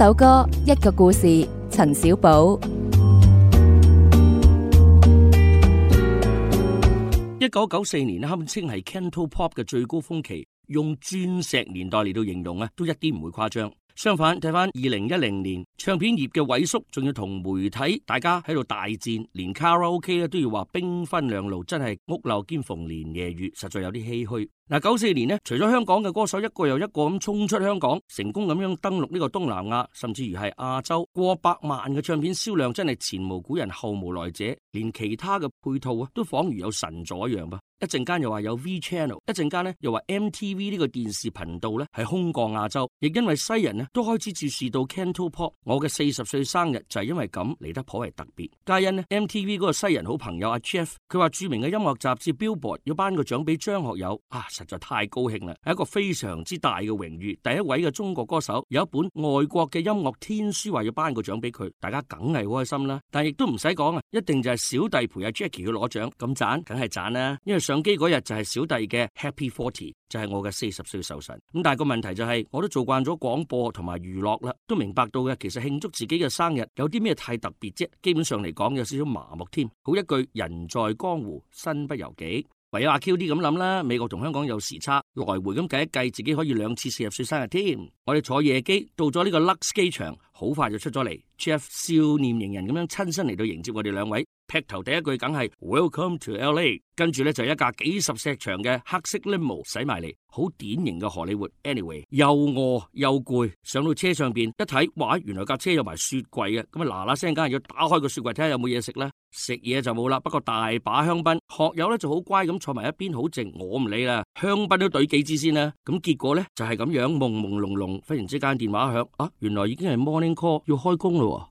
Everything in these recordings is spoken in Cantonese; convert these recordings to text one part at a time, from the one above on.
首歌一個故事，陳少寶。一九九四年，堪稱係 Canto Pop 嘅最高峰期，用鑽石年代嚟到形容咧，都一啲唔會誇張。相反，睇返二零一零年唱片業嘅萎縮，仲要同媒體大家喺度大戰，連卡拉 OK 咧都要話兵分兩路，真係屋漏兼逢連夜雨，實在有啲唏噓。嗱，九四、啊、年呢，除咗香港嘅歌手一個又一個咁衝出香港，成功咁樣登陸呢個東南亞，甚至於係亞洲過百萬嘅唱片銷量，真係前無古人後無來者。連其他嘅配套啊，都仿如有神助一樣噃。一陣間又話有 V Channel，一陣間呢又話 MTV 呢個電視頻道呢係空降亞洲。亦因為西人呢都開始注視到 Canto Pop。我嘅四十歲生日就係因為咁嚟得頗為特別。皆因呢 MTV 嗰個西人好朋友阿、啊、Jeff，佢話著名嘅音樂雜誌 Billboard 要頒個獎俾張學友啊。實在太高興啦，係一個非常之大嘅榮譽。第一位嘅中國歌手有一本外國嘅音樂天書話要頒個獎俾佢，大家梗係開心啦。但亦都唔使講啊，一定就係小弟陪阿 Jackie 去攞獎，咁賺梗係賺啦。因為上機嗰日就係小弟嘅 Happy Forty，就係我嘅四十歲壽辰。咁但係個問題就係，我都做慣咗廣播同埋娛樂啦，都明白到嘅。其實慶祝自己嘅生日有啲咩太特別啫，基本上嚟講有少少麻木添。好一句人在江湖身不由己。唯有阿 Q 啲咁諗啦，美國同香港有時差，來回咁計一計，自己可以兩次四十歲生日添。我哋坐夜機到咗呢個 Lux 機場，好快就出咗嚟。Jeff 笑面迎人咁樣親身嚟到迎接我哋兩位。劈頭第一句梗係 Welcome to L.A.，跟住呢，就一架幾十尺長嘅黑色 limo 駛埋嚟，好典型嘅荷里活。Anyway，又餓又攰，上到車上邊一睇，哇！原來架車有埋雪櫃嘅，咁啊嗱嗱聲，梗係要打開個雪櫃睇下有冇嘢食啦。食嘢就冇啦，不過大把香檳。學友呢就好乖咁坐埋一邊，好靜。我唔理啦，香檳都懟幾支先啦。咁結果呢，就係咁樣朦朦朧朧，忽然之間電話響，啊，原來已經係 morning call 要開工啦、啊。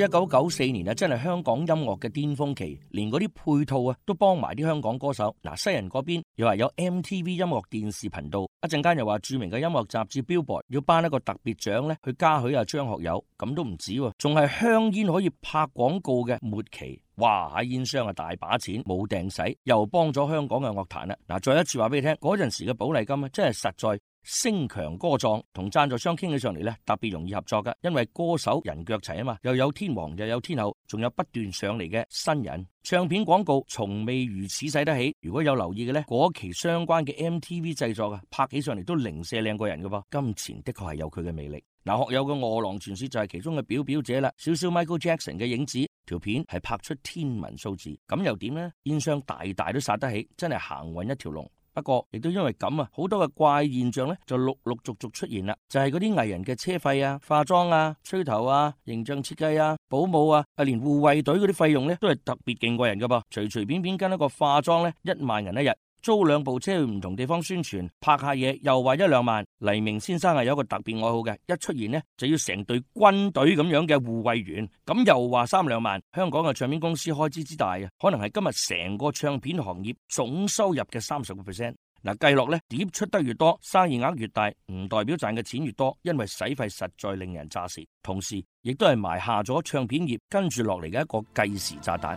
一九九四年啊，真係香港音樂嘅巔峰期，連嗰啲配套啊都幫埋啲香港歌手。嗱，西人嗰邊又話有 MTV 音樂電視頻道，一陣間又話著名嘅音樂雜誌《Billboard》要頒一個特別獎去嘉許啊張學友，咁都唔止，仲係香煙可以拍廣告嘅末期，哇！煙商啊大把錢冇掟使，又幫咗香港嘅樂壇啦。再一次話俾你聽，嗰陣時嘅寶麗金啊，真係實在。聲強歌壯，同贊助商傾起上嚟咧，特別容易合作嘅，因為歌手人腳齊啊嘛，又有天王，又有天后，仲有不斷上嚟嘅新人。唱片廣告從未如此使得起，如果有留意嘅咧，嗰期相關嘅 MTV 製作啊，拍起上嚟都零舍靚過人嘅噃。金錢的確係有佢嘅魅力。嗱、啊，學友嘅餓狼傳說就係其中嘅表表者啦，少少 Michael Jackson 嘅影子，條片係拍出天文數字，咁又點咧？煙商大大都殺得起，真係行運一條龍。不過，亦都因為咁啊，好多嘅怪現象咧，就陸陸續續出現啦。就係嗰啲藝人嘅車費啊、化妝啊、吹頭啊、形象設計啊、保姆啊，啊連護衛隊嗰啲費用咧，都係特別勁過人噶噃。隨隨便便跟一個化妝咧，一萬蚊一日。租兩部車去唔同地方宣傳，拍下嘢又話一兩萬。黎明先生係有一個特別愛好嘅，一出現呢就要成隊軍隊咁樣嘅護衛員，咁又話三兩萬。香港嘅唱片公司開支之大啊，可能係今日成個唱片行業總收入嘅三十個 percent。嗱，計落呢碟出得越多，生意額越大，唔代表賺嘅錢越多，因為使費實在令人咋舌。同時，亦都係埋下咗唱片業跟住落嚟嘅一個計時炸彈。